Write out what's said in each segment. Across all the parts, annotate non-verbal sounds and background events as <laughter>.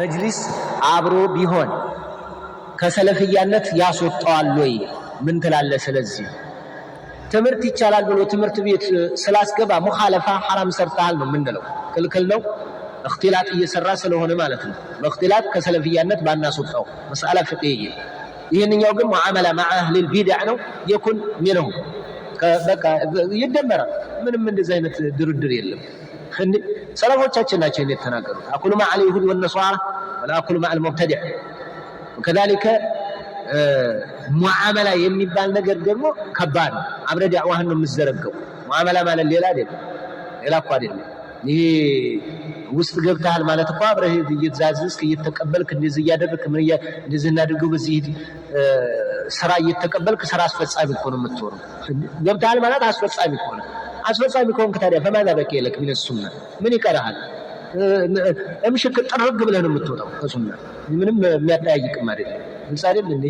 መጅሊስ አብሮ ቢሆን ከሰለፍያነት ያስወጣዋል ወይ? ምን ትላለ? ስለዚህ ትምህርት ይቻላል ብሎ ትምህርት ቤት ስላስገባ ሙኻለፋ ሐራም ሰርተሃል ነው የምንለው። ክልክል ነው። እክትላጥ እየሰራ ስለሆነ ማለት ነው። በእክትላጥ ከሰለፍያነት ባናስወጣው መስአላ ፍቅህዬ። ይህንኛው ግን ሙዓመላ መዓ አህሊል ቢድዕ ነው። የኩን ሚነሁ በቃ ይደመራል። ምንም እንደዚህ አይነት ድርድር የለም። ሰለፎቻችን ናቸው የተናገሩት። አኩሉ ማ ይሁድ ወነሷራ ወላ አኩሉ ማ አልሙብተዲዕ ከዛሊከ ሙዓመላ የሚባል ነገር ደግሞ ከባድ ነው። አብረ ዳዕዋህን ነው የምትዘረገው። ሙዓመላ ማለት ሌላ አይደለም፣ ሌላ እኮ አይደለም። ይሄ ውስጥ ገብተሃል ማለት እኮ አብረህ እየተዛዝዝክ እየተቀበልክ እንደዚህ እያደረግክ ምን እንደዚህ እናድርገው በዚህ ስራ እየተቀበልክ ስራ አስፈጻሚ እኮ ነው የምትሆነው። ገብተሃል ማለት አስፈጻሚ እኮ ነው። አስፈጻሚ ከሆንክ ታዲያ በማዛ በቂ የለክ ሚነት ሱና ምን ይቀርሃል? እምሽክ ጥርግ ብለህ ነው የምትወጣው ከሱና ምንም የሚያጠያይቅም አይደለም። ግልጽ አይደል እንዴ?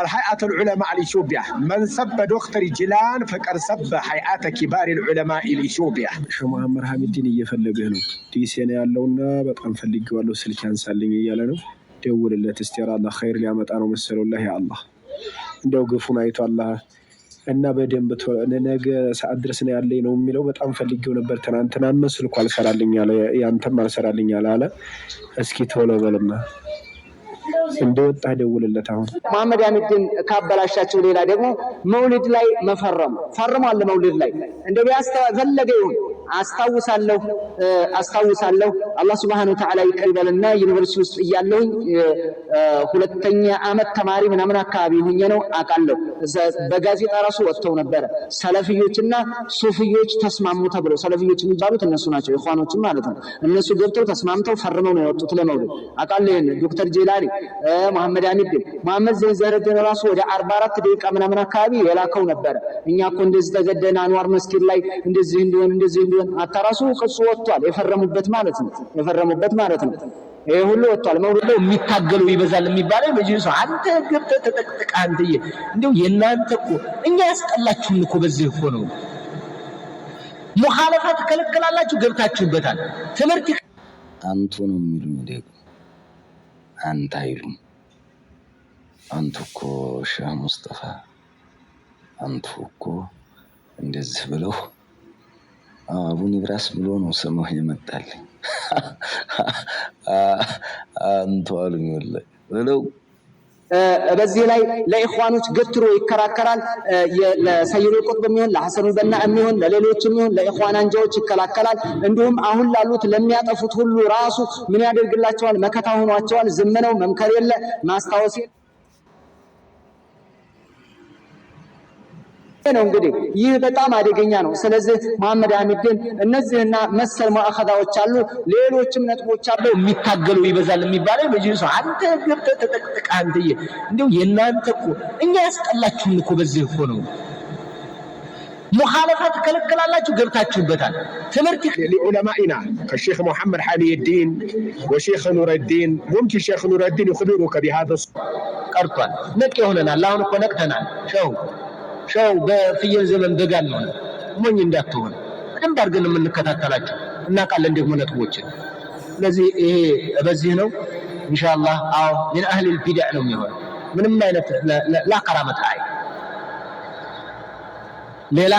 الهيئة العلماء الإثيوبية من سب دكتور جيلان فقد سب هيئة كبار العلماء الإثيوبية شو محمد حميد الدين እየፈለገህ ነው ዲሲ ያለውና በጣም ፈልጌዋለሁ ስልክ ያንሳልኝ እያለ ነው። ደውልለት እስቲ አላህ ኸይር ሊያመጣ ነው መሰለው። ያ አላህ እንደው ግፉን አይቶ አላህ እና በደንብ ነገ ሰዓት ድረስ ነው ያለኝ ነው የሚለው በጣም ፈልጌው ነበር። ትናንትና መስልኩ አልሰራልኝ አለ፣ ያንተም አልሰራልኝ አለ። እስኪ ቶሎ በልማ እንደወጣ ደውልለት። አሁን መሐመድ ያሚድን ካበላሻቸው ሌላ ደግሞ መውሊድ ላይ መፈረሙ ፈርሟል። መውሊድ ላይ እንደ ፈለገ ይሁን አስታውሳለሁ አስታውሳለሁ አላህ ሱብሓነሁ ወተዓላ ይቅር ይበልና ዩኒቨርሲቲ ውስጥ እያለሁኝ ሁለተኛ ዓመት ተማሪ ምናምን አካባቢ ሁኜ ነው አውቃለሁ። በጋዜጣ ራሱ ወጥተው ነበረ ሰለፊዮችና ሱፊዮች ተስማሙ ተብለው ሰለፊዮች የሚባሉት እነሱ ናቸው፣ ኢኽዋኖችም ማለት ነው። እነሱ ገብተው ተስማምተው ፈርመው ነው የወጡት ለመውሊድ አውቃለሁ። ይሄን ዶክተር ጄላኒ መሐመድ አሚድን መሐመድ ዘይዘረድን ራሱ ወደ 44 ደቂቃ ምናምን አካባቢ የላከው ነበረ። እኛ እኮ እንደዚህ ተገደን አንዋር መስጊድ ላይ እንደዚህ እንዲሆን እንደዚህ እንዲሆን አታራሱ ክሱ ወጥቷል። የፈረሙበት ማለት ነው የፈረሙበት ማለት ነው። ይሄ ሁሉ ወጥቷል። መውሊድ ላይ የሚታገሉ ይበዛል የሚባለው መጅሊሱ አንተ ገብተህ ተጠቅጥቃ አንተዬ እንደው የእናንተ እኮ እኛ ያስጠላችሁን እኮ በዚህ እኮ ነው። ሙኻለፋ ትከለከላላችሁ፣ ገብታችሁበታል። ትምህርት አንቱ ነው የሚሉኝ ደግሞ አንተ አይሉም። አንቱ እኮ ሻህ ሙስጠፋ፣ አንቱ እኮ እንደዚህ ብለው አቡን ብራስ ብሎ ነው ስምህ የመጣልኝ <laughs> አንቱ አሉኝ ብለው በዚህ ላይ ለኢኽዋኖች ገትሮ ይከራከራል። ለሰይድ ቁጥብ የሚሆን ለሐሰኑ በና የሚሆን ለሌሎች የሚሆን ለኢኽዋን አንጃዎች ይከላከላል። እንዲሁም አሁን ላሉት ለሚያጠፉት ሁሉ ራሱ ምን ያደርግላቸዋል? መከታ ሆኗቸዋል። ዝም ነው መምከር የለ ማስታወስ ነው እንግዲህ ይህ በጣም አደገኛ ነው። ስለዚህ መሐመድ አህመድን እነዚህና መሰል ሙአኸዛዎች አሉ፣ ሌሎችም ነጥቦች አሉ። የሚታገሉ ይበዛል የሚባለው መጅልሱ አንተ ግብተ ተጠቅጥቅ አንተዬ፣ እንዲሁ የእናንተ እኮ እኛ ያስጠላችሁን እኮ በዚህ እኮ ነው። ሙኻለፋ ትከለከላላችሁ፣ ገብታችሁበታል። ትምህርት ሊዑለማኢና ከሼክ ሙሐመድ ሐሚድዲን ወሼክ ኑረዲን ሙምኪን ሼክ ኑረዲን ይኽቢሩከ ቢሃዛ ቀርቷል። ነቅ የሆነናል። አሁን እኮ ነቅተናል ሸው ያው በፍየል ዘመን በጋ ነው። ሞኝ እንዳትሆን በደንብ አድርገን የምንከታተላቸው እናውቃለን ደግሞ ነጥቦችን። ስለዚህ ይሄ በዚህ ነው ኢንሻአላህ። አዎ ምን አህሊል ቢዳ ነው የሚሆነው ምንም አይነት ላከራመት አይ ሌላ